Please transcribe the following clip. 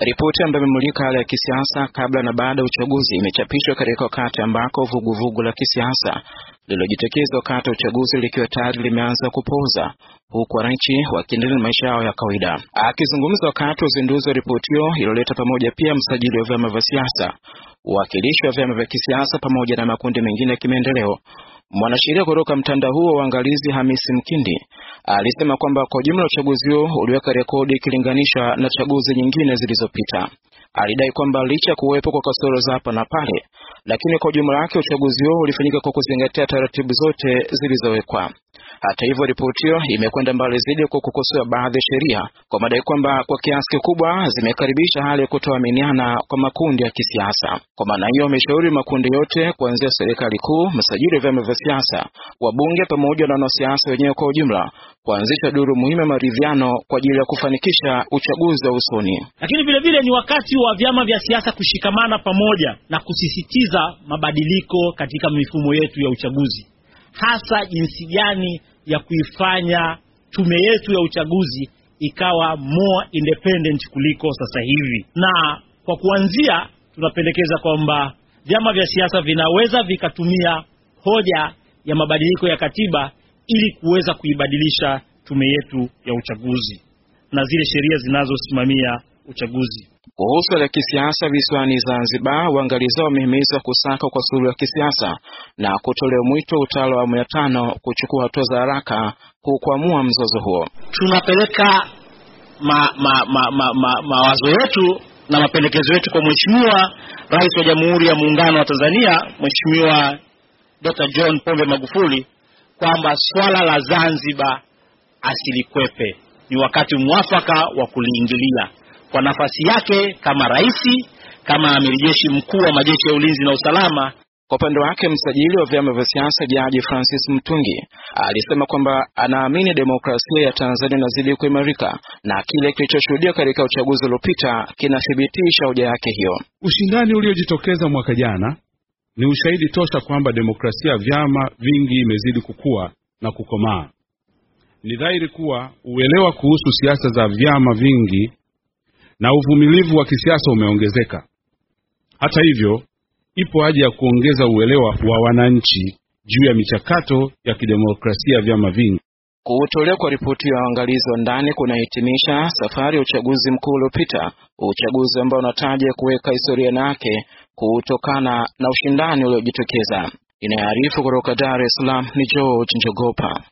Ripoti ambayo imemulika hali ya kisiasa kabla na baada ya uchaguzi imechapishwa katika wakati ambako vuguvugu la kisiasa lililojitokeza wakati wa uchaguzi likiwa tayari limeanza kupooza huku wananchi wakiendelea na maisha yao ya kawaida. Akizungumza wakati wa uzinduzi wa ripoti hiyo iliyoleta pamoja pia msajili wa vyama vya siasa, uwakilishi wa vyama vya kisiasa pamoja na makundi mengine ya kimaendeleo Mwanasheria kutoka mtandao huo waangalizi Hamisi Mkindi alisema kwamba kwa jumla uchaguzi huo uliweka rekodi ikilinganishwa na chaguzi nyingine zilizopita. Alidai kwamba licha ya kuwepo kwa kasoro za hapa na pale, lakini kwa jumla yake uchaguzi huo ulifanyika kwa kuzingatia taratibu zote zilizowekwa. Hata hivyo, ripoti hiyo imekwenda mbali zaidi kwa kukosoa baadhi ya sheria kwa madai kwamba kwa kiasi kikubwa zimekaribisha hali ya kutoaminiana kwa makundi ya kisiasa. Kwa maana hiyo, wameshauri makundi yote kuanzia serikali kuu, msajili wa vyama vya siasa, wabunge, pamoja na wanasiasa wenyewe kwa ujumla kuanzisha duru muhimu ya maridhiano kwa ajili ya kufanikisha uchaguzi wa usoni. Lakini vilevile ni wakati wa vyama vya siasa kushikamana pamoja na kusisitiza mabadiliko katika mifumo yetu ya uchaguzi hasa jinsi gani ya kuifanya tume yetu ya uchaguzi ikawa more independent kuliko sasa hivi. Na kwa kuanzia, tunapendekeza kwamba vyama vya siasa vinaweza vikatumia hoja ya mabadiliko ya katiba ili kuweza kuibadilisha tume yetu ya uchaguzi na zile sheria zinazosimamia uchaguzi. Kuhusu hali ya kisiasa visiwani Zanzibar, waangalizi wamehimizwa kusaka kwa suluhu ya kisiasa na kutolea mwito utawala wa awamu ya tano kuchukua hatua za haraka kukwamua mzozo huo. Tunapeleka mawazo ma, ma, ma, ma, ma yetu na mapendekezo yetu kwa Mheshimiwa Rais wa Jamhuri ya Muungano wa Tanzania, Mheshimiwa Dr. John Pombe Magufuli kwamba swala la Zanzibar asilikwepe, ni wakati mwafaka wa kuliingilia kwa nafasi yake kama rais, kama amiri jeshi mkuu wa majeshi ya ulinzi na usalama. Kwa upande wake msajili wa vyama vya siasa Jaji Francis Mtungi alisema kwamba anaamini demokrasia ya Tanzania inazidi kuimarika na kile kilichoshuhudia katika uchaguzi uliopita kinathibitisha hoja yake hiyo. Ushindani uliojitokeza mwaka jana ni ushahidi tosha kwamba demokrasia ya vyama vingi imezidi kukua na kukomaa. Ni dhahiri kuwa uelewa kuhusu siasa za vyama vingi na uvumilivu wa kisiasa umeongezeka. Hata hivyo, ipo haja ya kuongeza uelewa wa wananchi juu ya michakato ya kidemokrasia ya vyama vingi. Kutolewa kwa ripoti ya uangalizi wa ndani kunahitimisha safari ya uchaguzi mkuu uliopita, uchaguzi ambao unataja kuweka historia yake kutokana na ushindani uliojitokeza. Inayoarifu kutoka Dar es Salaam ni George Njogopa.